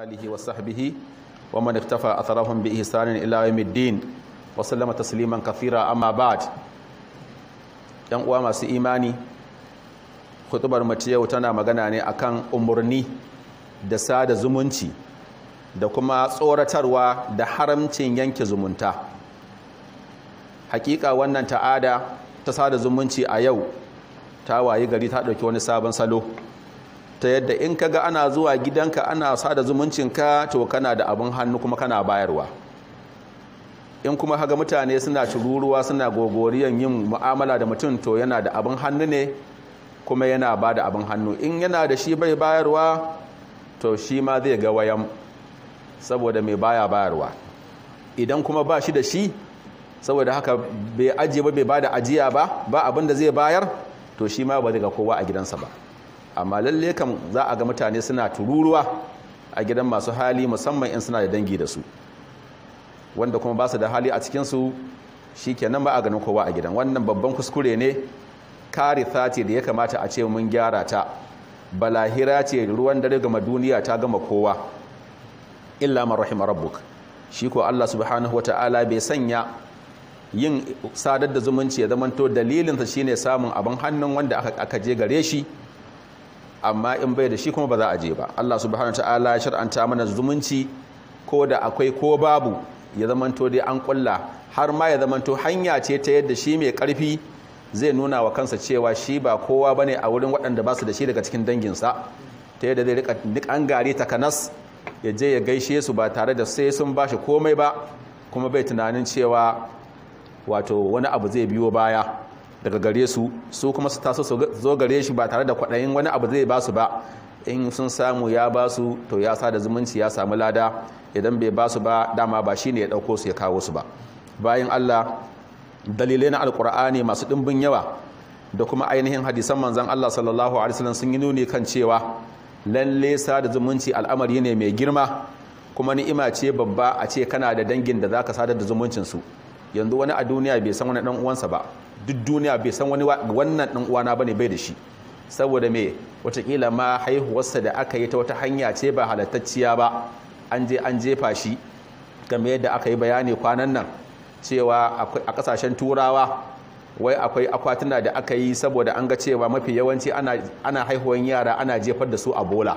alihi wa sahbihi wa man iktafa atharahum bi ihsanin ila yawmiddin wa sallama tasliman kathira amma ba'd yan uwa masu imani hutubar mace yau tana magana ne akan umurni da sada zumunci da kuma tsoratarwa da haramcin yanke zumunta hakika wannan ta'ada ta sada zumunci a yau ta wayi gari ta ɗauki wani sabon salo ta yadda in kaga ana zuwa gidanka ana sada zumuncinka to kana da abin hannu kuma kana bayarwa in kuma haga mutane suna cururuwa suna gogoriyan yin mu'amala da mutum to yana da abin hannu ne kuma yana ba da abin hannu in yana da shi bai bayarwa to shi ma zai ga wayan saboda mai baya bayarwa idan kuma ba shi da shi saboda haka bai ajiye ba bai ba da ajiya ba ba abin da zai bayar to shi ma ba zai ga kowa a gidansa ba amma lalle kam za a ga mutane suna tururuwa a gidan masu hali musamman in suna da dangi da su wanda kuma ba su da hali a cikinsu shi kenan ba a ganin kowa a gidan wannan babban kuskure ne kare sati da ya kamata a ce mun gyara ta balahira ce ruwan dare gama duniya ta gama kowa illa ma rabbuk shi ko Allah subhanahu wataala bai sanya yin sadar da zumunci ya zamanto Dalilinsa shine samun abin hannun wanda aka je gare shi amma in bai da shi kuma ba za a je ba Allah subhanahu ta'ala ya shar'anta mana zumunci ko da akwai ko babu ya zamanto dai an kulla har ma ya zamanto hanya ce ta yadda shi mai karfi zai nuna wa kansa cewa shi ba kowa bane a wurin waɗanda ba su da shi daga cikin danginsa ta yadda zai rika duk an gari takanas ya je ya gaishe su ba tare da sai sun bashi komai ba kuma bai tunanin cewa wato wani abu zai biyo baya daga gare su su kuma su taso su zo gare shi ba tare da kwaɗayin wani abu zai ba su ba in sun samu ya ba su to ya sa da zumunci ya samu lada idan bai ba su ba dama ba shi ne ya ɗauko su ya kawo su ba bayan Allah dalilai na alkur'ani masu ɗimbin yawa da kuma ainihin hadisan manzan Allah sallallahu alaihi wasallam sun yi nuni kan cewa lalle sada zumunci al'amari ne mai girma kuma ni'ima ce babba a ce kana da dangin da zaka sadar da zumuncin su yanzu wani a duniya bai san wani dan uwansa ba duk duniya bai san wani wannan dan uwana bane bai da shi saboda me watakila ma haihuwarsa da aka yi ta wata hanya ce ba halattacciya ba an je an jefa shi game yadda aka yi bayani kwanan nan cewa a kasashen turawa wai akwai akwatuna da aka yi saboda an ga cewa mafi yawanci ana ana haihuwan yara ana jefar da su a bola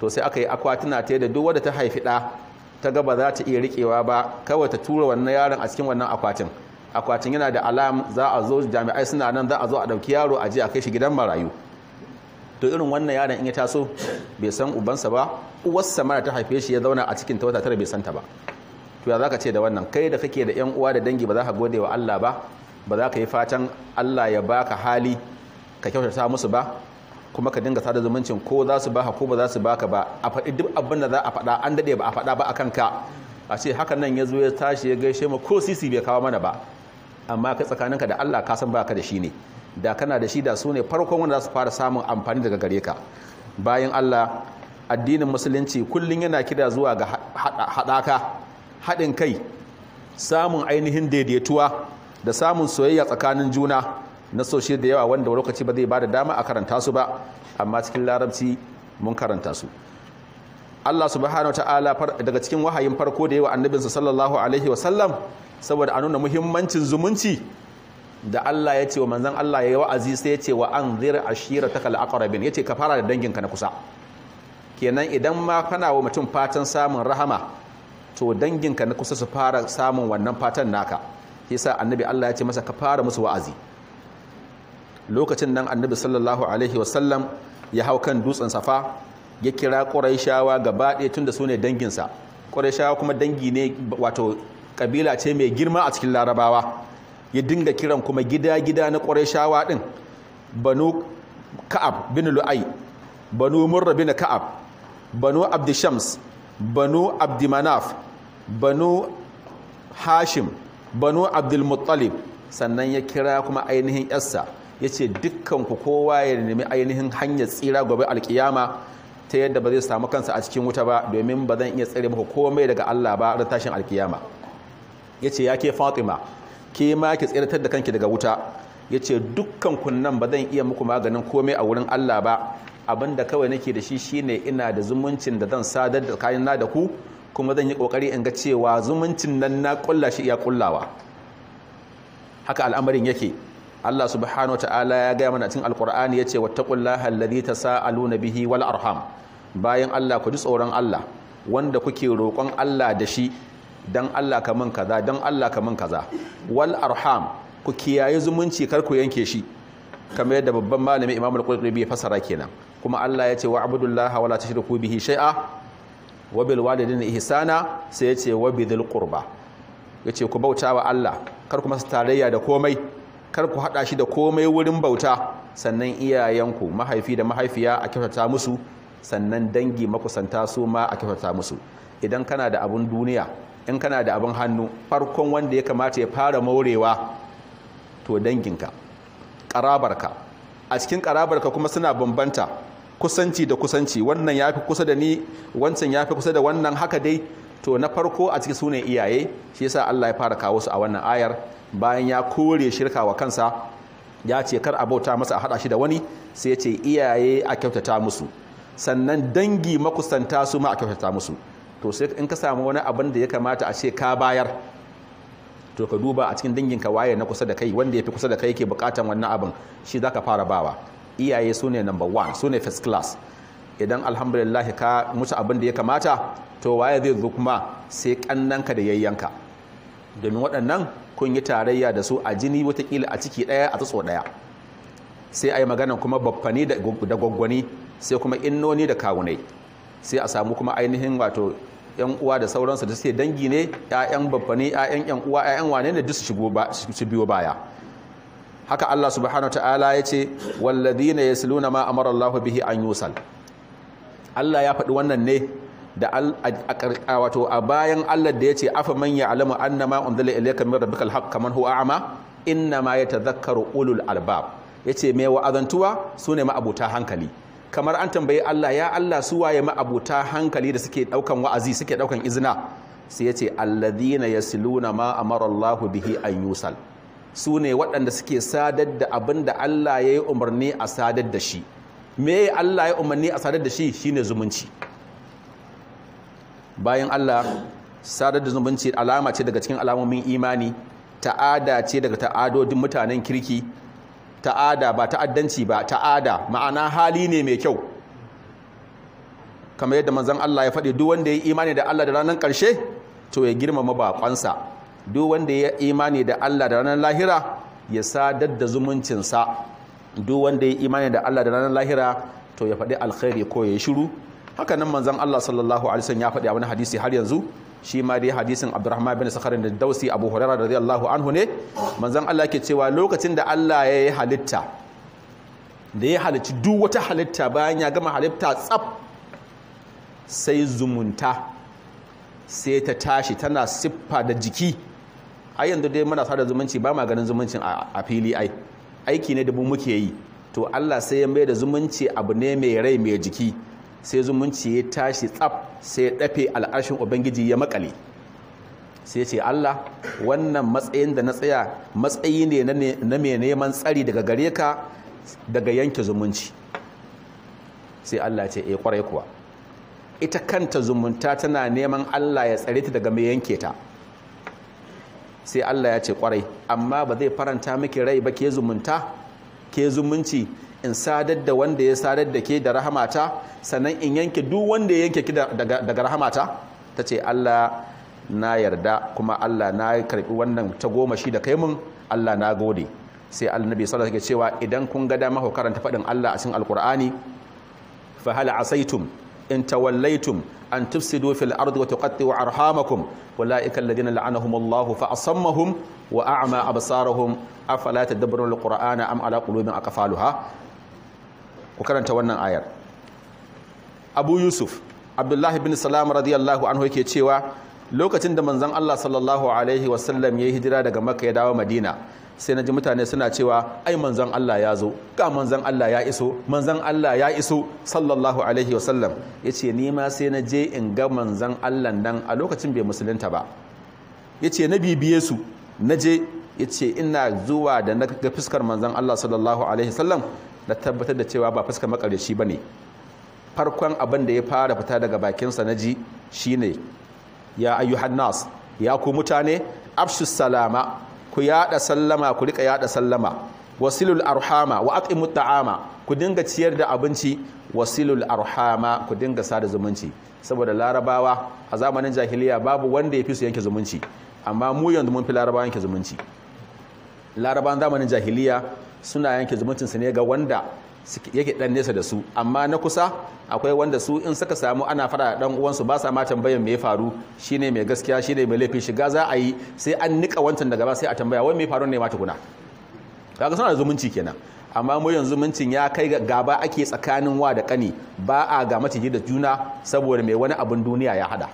to sai aka yi akwatuna ta yadda duk wadda ta haifi da. ta gaba za ta iya riƙewa ba kawai ta tura wannan yaron a cikin wannan akwatin akwatin yana da alam za a zo jami'ai suna nan za a zo a ɗauki yaro a ji a kai shi gidan marayu to irin wannan yaron in ya taso bai san ubansa ba uwarsa mara ta haife shi ya zauna a cikin ta wata tara bai san ta ba to ya zaka ce da wannan kai da kake da yan uwa da dangi ba za ka gode wa Allah ba ba za ka yi fatan Allah ya baka hali ka kyautata musu ba kuma ka dinga sada zumuncin ko za su baka ko ba za su baka ba a faɗi duk abin da za a faɗa an daɗe ba a faɗa ba a kanka a ce hakan nan ya zo ya tashi ya gaishe mu ko sisi bai kawo mana ba amma ka tsakaninka da Allah ka san baka da shi ne da kana da shi da su ne farkon wanda za su fara samun amfani daga gare ka bayan Allah addinin musulunci kullum yana kira zuwa ga haɗaka haɗin kai samun ainihin daidaituwa da samun soyayya tsakanin juna nasoshi da yawa wanda lokaci ba zai ba da dama a karanta su ba amma cikin larabci mun karanta su Allah subhanahu ta'ala daga cikin wahayin farko da yawa annabinsa sallallahu alaihi wasallam saboda a nuna muhimmancin zumunci da Allah ya ce wa manzan Allah ya yi wa'azi sai ya ce wa an a a ƙarabin, ya ce ka fara da danginka na kusa kenan idan ma kana wa mutum fatan samun rahama to danginka na kusa su fara samun wannan fatan naka sa annabi Allah ya ce masa ka fara musu wa'azi lokacin nan annabi sallallahu alaihi wasallam ya hau kan dutsen safa ya kira ƙuraishawa gaba ɗaya tun da su ne danginsa ƙuraishawa kuma dangi ne wato ƙabila ce mai girma a cikin larabawa ya dinga kiran kuma gida-gida na ƙuraishawa ɗin banu ka'ab bin lu'ai banu murra bin ka'ab banu abdishams banu abdimanaf banu hashim banu abdulmuttalib sannan ya kira kuma ainihin yarsa ya ce dukkanku kowa ya nemi ainihin hanyar tsira gobe alkiyama ta yadda ba zai samu kansa a cikin wuta ba domin ba zan iya tsere muku komai daga Allah ba da tashin alkiyama ya ce ya ke fatima ke ma ki tsiratar da kanki daga wuta ya ce dukkan kunnan ba zan iya muku maganin komai a wurin Allah ba abinda kawai nake da shi shine ina da zumuncin da zan sadar da kayan na da ku kuma zan yi kokari in ga cewa zumuncin nan na kulla shi iya kullawa haka al'amarin yake Allah subhanahu wa ta'ala ya gaya mana cikin alqur'ani yace wattaqullaha allazi tasaaluna bihi wal arham bayan Allah ku ji tsoron Allah wanda kuke roƙon Allah da shi dan Allah kaman kaza dan Allah kaman kaza wal arham ku kiyaye zumunci kar ku yanke shi kamar yadda babban malami Imam al-Qurtubi ya fasara kenan kuma Allah yace abudullaha wala tushriku bihi shay'a wa bil walidayni ihsana sai yace wa bidil qurba yace ku bauta wa Allah kar ku masa tarayya da komai kar ku haɗa shi da komai wurin bauta sannan iyayenku mahaifi da mahaifiya a kyautata musu sannan dangi makusanta su ma a kyautata musu idan kana da abun duniya in kana da abun hannu farkon wanda ya kamata ya fara morewa, to danginka ƙarabarka a cikin karabarka kuma suna bambanta kusanci da kusanci wannan ya fi kusa da ni wancan ya fi kusa da wannan haka dai to na farko a ciki sune iyaye shi yasa Allah ya fara kawo su a wannan ayar bayan ya kore shirka wa kansa ya ce kar a bauta masa a hada shi da wani sai ya ce iyaye a kyautata musu sannan dangi makusanta su ma a kyautata musu to sai in ka samu wani abin da ya kamata a ce ka bayar to ka duba a cikin danginka waye na kusa da kai wanda ya fi kusa da kai yake bukatan wannan abin shi zaka fara bawa iyaye su ne number one su first class idan alhamdulillah ka musu abin da ya kamata to waye zai zo kuma sai kannanka da yayyanka domin waɗannan kun yi tarayya da su a jini watakila a ciki ɗaya a tsotso ɗaya sai a yi magana kuma baffani da gwaggwani sai kuma innoni da kawunai sai a samu kuma ainihin wato yan uwa da sauransu da suke dangi ne ƴaƴan baffani ƴaƴan yan uwa ƴaƴan wane ne duk su su biyo baya haka Allah subhanahu ta'ala ya ce walladhina yasluna ma amara Allahu bihi an yusal Allah ya faɗi wannan ne da a wato a bayan Allah da ya ce afa man ya'lamu annama unzila ilayka min rabbikal haqq kaman huwa a'ma ta yatadhakkaru ulul albab yace me wa'azantuwa sune ma'abuta hankali kamar an tambaye Allah ya Allah su waye ma'abuta hankali da suke daukan wa'azi suke daukan izina sai yace alladhina yasluna ma amara bihi an yusal su ne waɗanda suke sadar da abin Allah ya yi umarni a sadar da shi me Allah ya umarni a sadar da shi ne zumunci bayan Allah sadar da zumunci alama ce daga cikin alamomin imani ta'ada ce daga ta'adodin mutanen kirki ta'ada ba ta'addanci ba ta'ada ma'ana hali ne mai kyau kamar yadda manzon Allah ya faɗi duk wanda ya imani da Allah da ranar ƙarshe to ya girmama baƙonsa duk wanda ya imani da Allah da ranar lahira ya sadar da zumuncinsa duk wanda ya imani da Allah da ranar lahira to ya faɗi alkhairi ko ya shiru haka nan manzon Allah sallallahu alaihi wasallam ya faɗi a wani hadisi har yanzu shi ma dai hadisin Abdurrahman bin Sakhar da Dausi Abu Hurairah radiyallahu anhu ne manzan Allah ke cewa lokacin da Allah ya yi halitta da ya halicci duk wata halitta bayan ya gama halitta tsaf sai zumunta sai ta tashi tana siffa da jiki a yanzu dai muna sada zumunci ba ma ganin zumuncin a fili ai aiki ne da mu muke yi to Allah sai ya mai da zumunci abu ne mai rai mai jiki sai zumunci ya tashi tsaf sai ya dafe al'ashin ubangiji ya makale sai ce Allah wannan matsayin da na tsaya matsayi ne na mai neman tsari daga gare ka daga yanke zumunci sai Allah ce eh kwarai kuwa ita kanta zumunta tana neman Allah ya tsare ta daga mai yanke ta sai Allah ya ce kwarai amma ba zai faranta miki rai ba ke zumunta ke zumunci in sadar da wanda ya sadar da ke da rahamata sannan in yanke duk wanda ya yanke ki daga rahamata ta ce Allah na yarda kuma Allah na karbi wannan ta goma shi da kai mun Allah na gode sai annabi sallallahu alaihi cewa idan kun ga dama ku karanta fadin Allah a cikin alqur'ani fa hal asaitum in tawallaitum an tufsidu fil ardi wa tuqatti'u arhamakum ulaika alladhina la'anahum Allahu fa asammahum wa a'ma absarahum afala tadabbaruna alqur'ana am ala qulubin aqfaluha ku karanta wannan ayar Abu Yusuf Abdullah ibn Salam radiyallahu anhu yake cewa lokacin da manzon Allah sallallahu alaihi wasallam ya hijira daga Makka ya dawo Madina sai na ji mutane suna cewa ai manzon Allah ya zo ga manzan Allah ya iso manzan Allah ya iso sallallahu alaihi wasallam yace ni ma sai na je in ga manzan Allah nan a lokacin bai musulunta ba Ya ce na bibiye su na je ce ina zuwa da na ga fuskar manzon Allah sallallahu alaihi wasallam na tabbatar da cewa ba fuskar ba ne. farkon abin da ya fara fita daga bakinsa na ji shine ya ayyuhan nas ya ku mutane afshus salama ku yada sallama ku rika yada sallama wasilul arhama wa aqimut ta'ama ku dinga ciyar da abinci wasilul arhama ku dinga sada zumunci saboda larabawa a zamanin jahiliya babu wanda ya fi su yanke zumunci amma mu yanzu mun fi larabawa yanke zumunci larabawan zamanin jahiliya suna yanke zumuncin su ne ga wanda yake dan nesa da su amma na kusa akwai wanda su in suka samu ana fara dan uwansu ba sa ma tambayan me ya faru shine mai gaskiya shine mai laifi shiga za a yi sai an nika wancan daga ba sai a tambaya wai me faru ne ma tukuna kaga suna da zumunci kenan amma mu yanzu mincin ya kai gaba ake tsakanin wa da kani ba a ga maciji da juna saboda mai wani abin duniya ya hada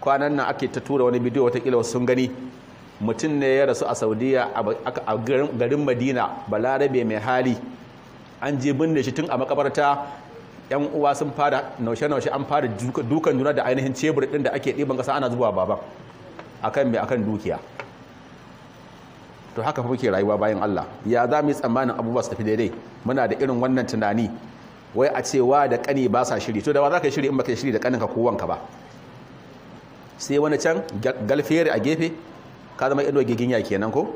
kwanan nan ake ta tura wani bidiyo watakila wasu sun gani mutum ne ya rasu a saudiya a garin madina balarabe mai hali an je binne shi tun a makabarta yan uwa sun fara naushe-naushe an fara dukan juna da ainihin cebur din da ake ɗiban kasa ana zuwa baban akan mai akan dukiya to haka fa muke rayuwa bayan Allah ya za mu yi tsammanin abubuwa su tafi daidai muna da irin wannan tunani wai a cewa da kani ba sa shiri to da ba za ka yi shiri in ba ka shiri da kaninka ko wanka ba sai wani can galfere a gefe ka zama ido giginya kenan ko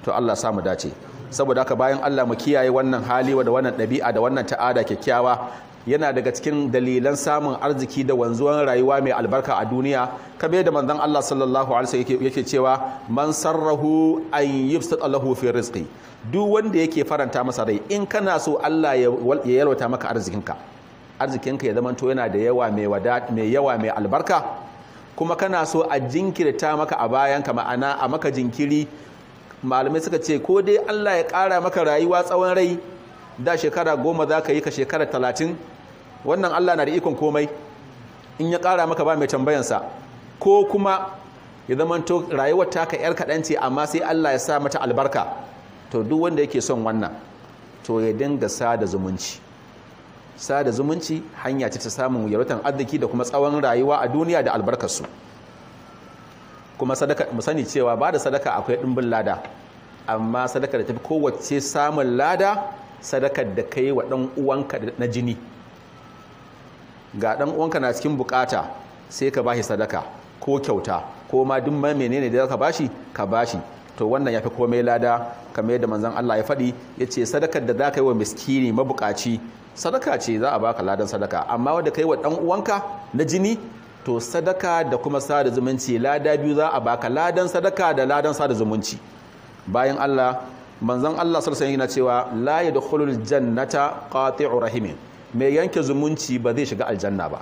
to Allah sa mu dace saboda haka bayan Allah mu kiyaye wannan hali da wannan dabi'a da wannan ta'ada kyakkyawa yana daga cikin dalilan samun arziki da wanzuwan rayuwa mai albarka a duniya kabe da manzon Allah sallallahu alaihi wasallam yake cewa man sarrahu an yubsat Allahu fi rizqi duk wanda yake faranta masa rai in kana so Allah ya yalwata maka arzikinka arzikinka ya zamanto yana da yawa mai yawa mai albarka kuma kana so a jinkirta maka a bayan ka ma'ana a maka jinkiri malamai suka ce ko dai Allah ya kara maka rayuwa tsawon rai da shekara goma za ka yi ka shekara talatin wannan Allah na da ikon komai in ya ƙara maka ba mai tambayansa ko kuma ya zamanto rayuwar ka yar kaɗan ce amma sai Allah ya sa mata albarka to duk wanda yake son wannan to ya dinga sada zumunci sada zumunci hanya ce ta samun yalwatan arziki da kuma tsawon rayuwa a duniya da albarkarsu kuma sadaka mu sani cewa ba da sadaka akwai ɗimbin lada amma sadaka da tafi kowace samun lada sadaka da kai wa ɗan uwanka na jini ga ɗan uwanka na cikin bukata sai ka bashi sadaka ko kyauta ko ma duk menene da zaka bashi ka bashi to wannan ya fi komai lada kamar yadda manzon Allah ya faɗi ya ce sadakar da za ka yi wa miskini mabukaci sadaka ce za a baka ladan sadaka amma wanda yi wa ɗan uwanka na jini to sadaka da kuma sada zumunci lada biyu za a baka ladan sadaka da ladan sada zumunci bayan Allah manzon Allah sarsan yana cewa la yadkhulul jannata qati'u rahimin mai yanke zumunci ba zai shiga aljanna ba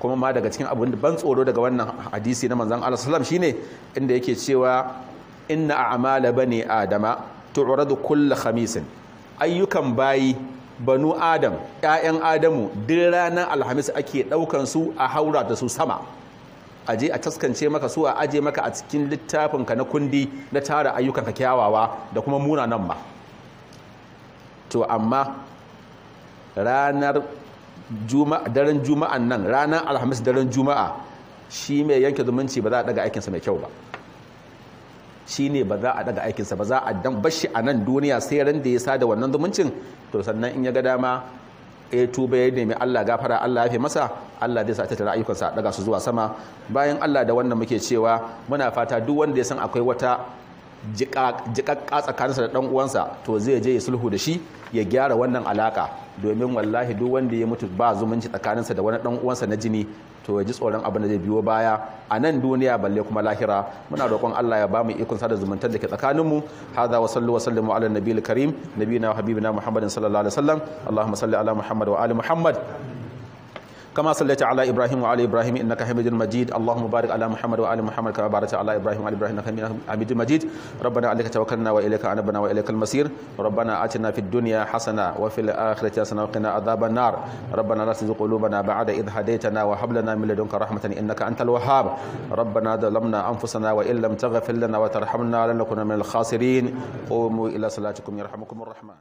kuma ma daga cikin abin ban tsoro daga wannan hadisi na Manzan Allah sallam shine inda yake cewa inna a'mala bani adama tu'radu kullu khamisin ayyukan bayi banu adam ƴaƴan adamu duk ranar alhamis ake ɗaukan su a haura da su sama aje a taskance maka su a aje maka a cikin littafin ka na kundi na tara ayyukan ka kyawawa da kuma munanan ma to amma ranar daren juma'an nan ranar alhamis daren juma'a shi mai yanke zumunci ba za a daga aikinsa mai kyau ba shi ne ba za a daga aikinsa ba za a dan bashi a nan duniya sai ran da ya sa da wannan zumuncin to sannan in ya ga dama ya tuba ya nemi Allah gafara Allah ya fi masa Allah zai sa ta tara ayyukansa daga su zuwa sama bayan Allah da wannan muke cewa muna fata duk wanda ya san akwai wata jikakka tsakaninsa da dan uwansa to zai je ya sulhu da shi ya gyara wannan alaka domin wallahi duk wanda ya mutu ba zumunci tsakaninsa da wani dan uwansa na jini to ya ji tsoron abin da zai biyo baya a nan duniya balle kuma lahira muna roƙon Allah ya bamu ikon sada zumuntar da ke tsakaninmu hadha wa sallu wa sallimu ala nabiyil karim nabiyina wa habibina muhammadin sallallahu alaihi wasallam allahumma salli ala muhammad wa ali muhammad كما صليت على ابراهيم وعلى ابراهيم انك حميد مجيد اللهم بارك على محمد وعلى محمد كما باركت على ابراهيم وعلى ابراهيم انك حميد مجيد ربنا عليك توكلنا واليك انبنا واليك المصير ربنا اتنا في الدنيا حسنه وفي الاخره حسنه وقنا عذاب النار ربنا لا تزغ قلوبنا بعد اذ هديتنا وهب لنا من لدنك رحمه انك انت الوهاب ربنا ظلمنا انفسنا وان لم تغفر لنا وترحمنا لنكن من الخاسرين قوموا الى صلاتكم يرحمكم الرحمن